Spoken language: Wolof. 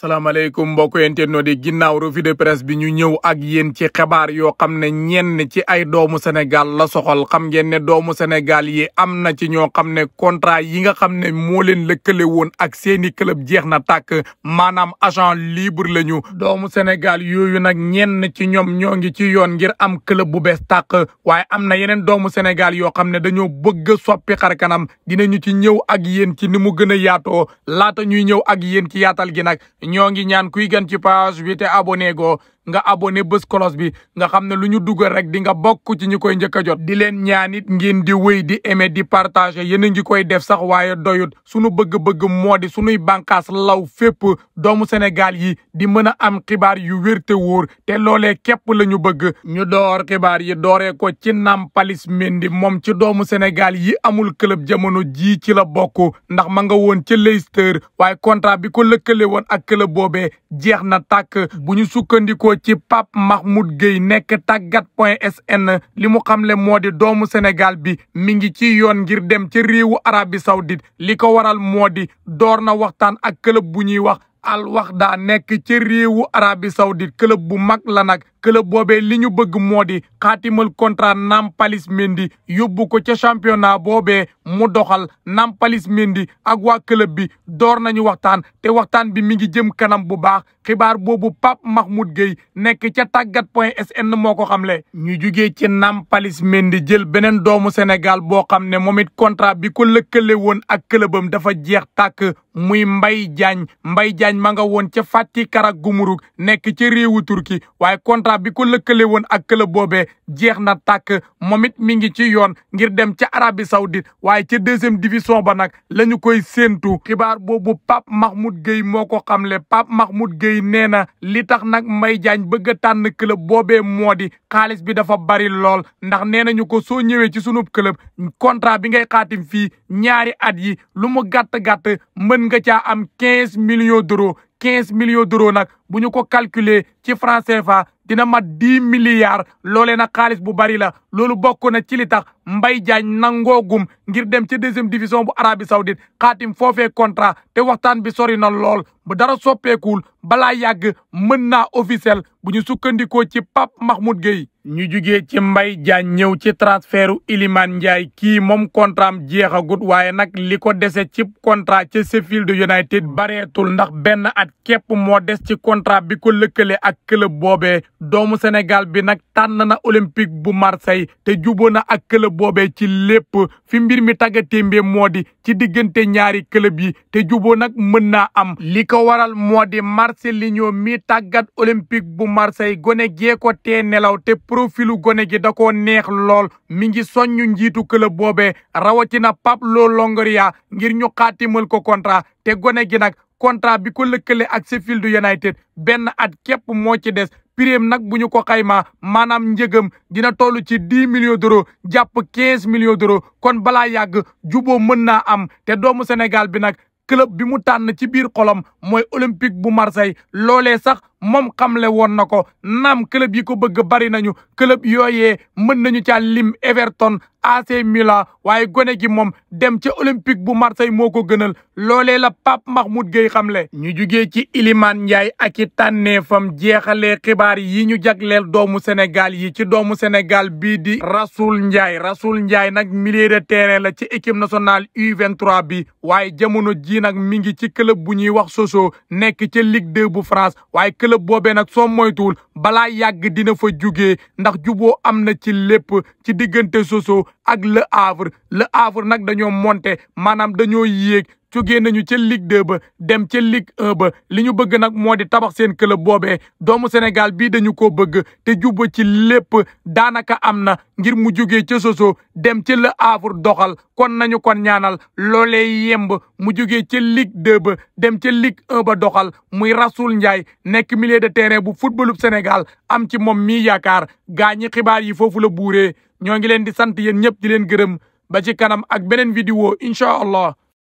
salaamaaleykum mbokk internet yi ginnaaw revue de presse bi ñu ñëw ak yéen ci xibaar yoo xam ne ñenn ci ay doomu Sénégal la soxal xam ngeen ne doomu Sénégal yi am na ci ñoo xam ne contrat yi nga xam ne moo leen lëkkale woon ak seeni club jeex na tàkk maanaam agent libre la ñu doomu Sénégal yooyu nag ñenn ci ñoom ñoo ngi ci yoon ngir am club bu bees tàkk waaye am na yeneen doomu Sénégal yoo xam ne dañoo bëgg a soppi xar kanam dinañu ci ñëw ak yéen ci ni mu gën a yaatoo laata ñuy ñëw ak yéen ci yaatal gi nag ñoo ngi ñaan kuy gan ci page bi te abonné go nga abonné bés cloche bi nga xam ne lu ñu dugal rek di nga bokk ci ñi koy njëkk a jot di leen ñaanit ngeen di wéy di aimer di partager yéen a ngi koy def sax waaye doyut suñu bëgg-bëgg moo di suñuy bànqaas law fépp doomu Sénégal yi di mën a am xibaar yu wér te wóor te loolee képp la ñu bëgg ñu door xibaar yi dooree ko ci Nampalys Mendy moom ci doomu Sénégal yi amul club jamono jii ci la bokk ndax ma nga woon ci Leicester waaye contrat bi ko lëkkale woon ak club boobee jeex na tàkk bu ñu sukkandikoo ci Pape Mahmoud Gueye nekk tàggat point sn li mu xamle moo di doomu Sénégal bi mi ngi ci yoon ngir dem ci réewu Arabie Saoudite li ko waral moo di door na waxtaan ak club bu ñuy wax Al daa nekk ci réewu Arabie Saoudite këlëb bu mag la nag club boobee li ñu bëgg moo di xaatimal contrat Nampalys Mendy yóbbu ko ca championnat boobee mu doxal nampalis mindi ak waa club bi door nañu waxtaan te waxtaan bi mi ngi jëm kanam bu baax xibaar boobu Pape Mahmoud Gueye nekk ca tàggat point sn moo ko xamle. ñu jugee ci Nampalys Mendy jël beneen doomu Sénégal boo xam ne moom it contrat bi ko lëkkale woon ak clubam dafa jeex tàkk muy mbay Diagne mbay Diagne ma nga woon ca Fatih Karagümrük nekk ca réewu Turki waaye contrat bi ko lëkkale woon ak club boobee jeex na tàkk moom it mi ngi ci yoon ngir dem ca Arabie Saoudite waaye ca deuxième division ba nag la ñu koy séentu xibaar boobu Pape Mahmoud Gueye moo ko xamle Pape Mahmoud Gueye nee na li tax nag may Diagne bëgg a tànn club boobe moo di xaalis bi dafa bari lool ndax nee nañu ko soo ñëwee ci sunub club contrat bi ngay xaatim fii ñaari at yi lu mu gàtt-gàtt mën nga ca am quinze millions d'euros quinze millions d'euros nag bu ñu ko calculer ci franc CFA dina mat dix milliards loole nag xaalis bu bari la loolu bokk na ci li tax Mbaye Diagne nangoogum ngir dem ci deuxième division bu Arabie Saoudite xaatim foofee contrat te waxtaan bi sori na lool bu dara soppeekuwul balaa yàgg mën naa officiel bu ñu sukkandikoo ci Pape Mahmoud Gueye ñu jugee ci mbay Diagne ñëw ci transfertu Iliman Ndiaye kii moom contrat am jeexagut waaye nag li ko dese ci contrat ci Sheffield United bareetul ndax benn at képp moo des ci contrat contrat bi ko lëkkale ak club boobee doomu Sénégal bi nag tànn na olympique bu Marseille te juboo na ak club boobe ci lépp fi mbir mi tàggatémbe moo di ci diggante ñaari club yi te juboo nag mën naa am li ko waral moo di Marcelinho mi tàggat olympique bu Marseille gone gee ko tee nelaw te profilu gone gi da koo neex lool mi ngi soññu njiitu club boobee rawatina Pablo Longoria ngir ñu xaatimal ko contrat te gone gi nag contrat bi ko lëkkale ak Sheffield United benn at képp moo ci des prime nag bu ñu ko xaymaa maanaam njëgam dina toll ci dix millions d'euros jàpp quinze millions d'euros kon balaa yàgg jubo mën naa am te doomu Sénégal bi nag club bi mu tànn ci biir xolam mooy Olympique bu Marseille loole sax moom xamle woon na ko naam club yi ko bëgg bari nañu club yooye mën nañu caa lim Everton AC Milan waaye gone gi moom dem ci Olympique bu Marseille moo ko gënal loolee la Pape Mahmoud xam le ñu jugee ci Iliman Ndiaye ak i tànneefam jeexalee xibaar yi ñu jagleel doomu Sénégal yi ci doomu Sénégal bi di Rasoul Ndiaye Rasoul Ndiaye nag milieu de terrain la ci équipe nationale u bi waaye jamono jii nag mi ngi ci club bu ñuy wax Sochaux nekk ci Ligue 2 bu France club boobee nag soo moytuwul balaa yàgg dina fa jugee ndax jubo am na ci lépp ci diggante Soso ak Le Havre Le Havre nag dañoo monter maanaam dañoo yéeg jógee nañu ca Ligue 2 ba dem ca Ligue ba li ñu bëgg nag moo di tabax seen club boobee doomu Sénégal bii dañu ko bëgg te jubba ci lépp daanaka am na ngir mu jógee ca Soso dem ca Le Havre doxal kon nañu kon ñaanal loolee yemb mu jógee ca Ligue ba dem ca Ligue ba doxal muy Rasoul Ndiaye nekk milieu de terrain bu footballu Sénégal am ci moom mii yaakaar gaa ñi xibaar yi foofu la buuree ñoo ngi leen di sant yéen ñëpp di leen gërëm ba ci kanam ak beneen vidéo incha allah